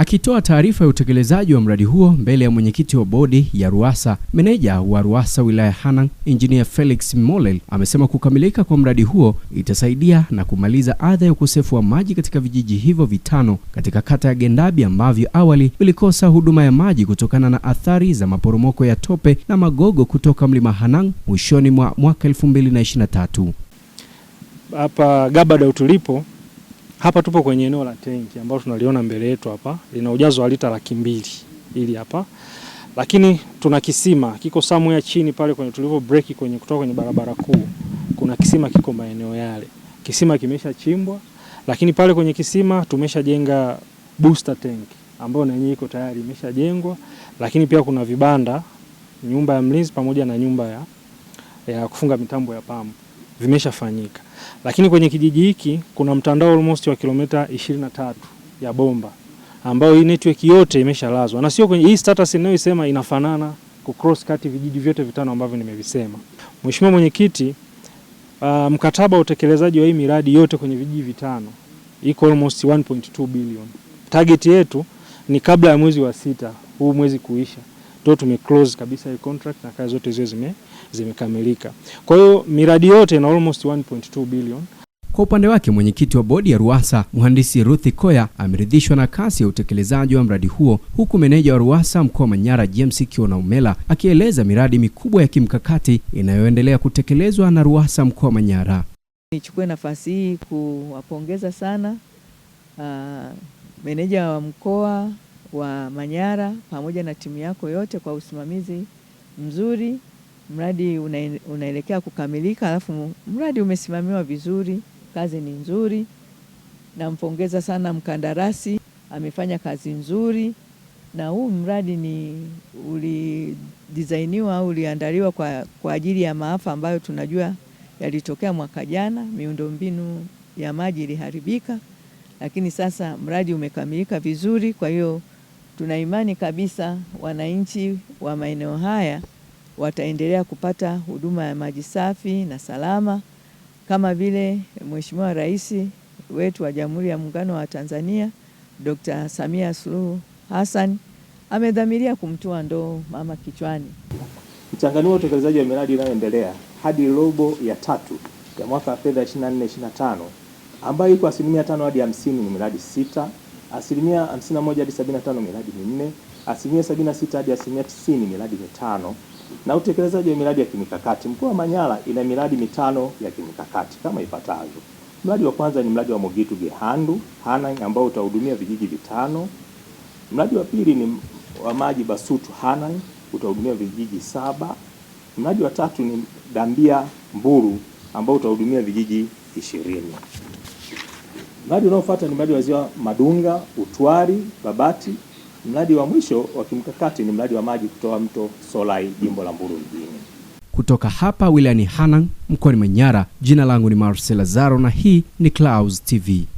Akitoa taarifa ya utekelezaji wa mradi huo mbele ya mwenyekiti wa bodi ya RUWASA, meneja wa RUWASA wilaya Hanang Engineer Felix Molel amesema kukamilika kwa mradi huo itasaidia na kumaliza adha ya ukosefu wa maji katika vijiji hivyo vitano katika kata ya Gendabi ambavyo awali vilikosa huduma ya maji kutokana na athari za maporomoko ya tope na magogo kutoka mlima Hanang mwishoni mwa mwaka 2023. Hapa Gabada tulipo hapa tupo kwenye eneo la tenki ambalo tunaliona mbele yetu hapa, lina ujazo wa lita laki mbili ili hapa, lakini tuna kisima kiko somewhere chini pale kwenye tulivyo break kwenye kutoka kwenye barabara kuu, kuna kisima kiko maeneo yale. Kisima kimesha chimbwa, lakini pale kwenye kisima tumeshajenga booster tank ambayo na yenyewe iko tayari imeshajengwa, lakini pia kuna vibanda, nyumba ya mlinzi pamoja na nyumba ya, ya kufunga mitambo ya pampu zimeshafanyika, lakini kwenye kijiji hiki kuna mtandao almost wa kilomita 23 ya bomba ambayo hii network yote imeshalazwa, na sio kwenye hii status inayosema inafanana cross kati vijiji vyote vitano ambavyo nimevisema. Mheshimiwa Mwenyekiti, uh, mkataba wa utekelezaji wa hii miradi yote kwenye vijiji vitano iko almost 1.2 billion. Target yetu ni kabla ya mwezi wa sita huu mwezi kuisha ndio close kabisa hii contract na kazi zote zile zimekamilika. Kwa hiyo miradi yote ina almost 1.2 billion. Kwa upande wake mwenyekiti wa bodi ya Ruwasa mhandisi Ruth Koya ameridhishwa na kasi ya utekelezaji wa mradi huo, huku meneja wa Ruwasa mkoa wa Manyara James Umela akieleza miradi mikubwa ya kimkakati inayoendelea kutekelezwa na Ruwasa mkoa wa Manyara. Nichukue nafasi hii kuwapongeza sana uh, meneja wa mkoa wa Manyara pamoja na timu yako yote kwa usimamizi mzuri. Mradi unaelekea kukamilika, alafu mradi umesimamiwa vizuri, kazi ni nzuri. Nampongeza sana mkandarasi, amefanya kazi nzuri, na huu mradi ni ulidisainiwa au uliandaliwa kwa, kwa ajili ya maafa ambayo tunajua yalitokea mwaka jana. Miundombinu ya maji iliharibika, lakini sasa mradi umekamilika vizuri, kwa hiyo tuna imani kabisa wananchi wa maeneo haya wataendelea kupata huduma ya maji safi na salama kama vile Mheshimiwa Rais wetu wa Jamhuri ya Muungano wa Tanzania Dr. Samia Suluhu Hassan amedhamiria kumtoa ndoo mama kichwani. Mchanganuo wa utekelezaji wa miradi inayoendelea hadi robo ya tatu ya mwaka wa fedha 24/25 ambayo iko asilimia tano hadi hamsini ni miradi sita asilimia 51 hadi 75 miradi minne, asilimia 76 hadi asilimia 90 miradi mitano, na utekelezaji wa miradi ya kimikakati. Mkoa wa Manyara ina miradi mitano ya kimikakati kama ifuatavyo. Mradi wa kwanza ni mradi wa Mogitu Gehandu Hanang ambao utahudumia vijiji vitano. Mradi wa pili ni wa maji Basutu Hanang utahudumia vijiji saba. Mradi wa tatu ni Dambia Mburu ambao utahudumia vijiji ishirini. Mradi unaofuata ni mradi wa ziwa Madunga, Utwari, Babati. Mradi wa mwisho wa kimkakati ni mradi wa maji kutoa mto Solai, jimbo la mburu Mjini. Kutoka hapa wilayani Hanang mkoani Manyara, jina langu ni Marcel Lazaro na hii ni Clouds TV.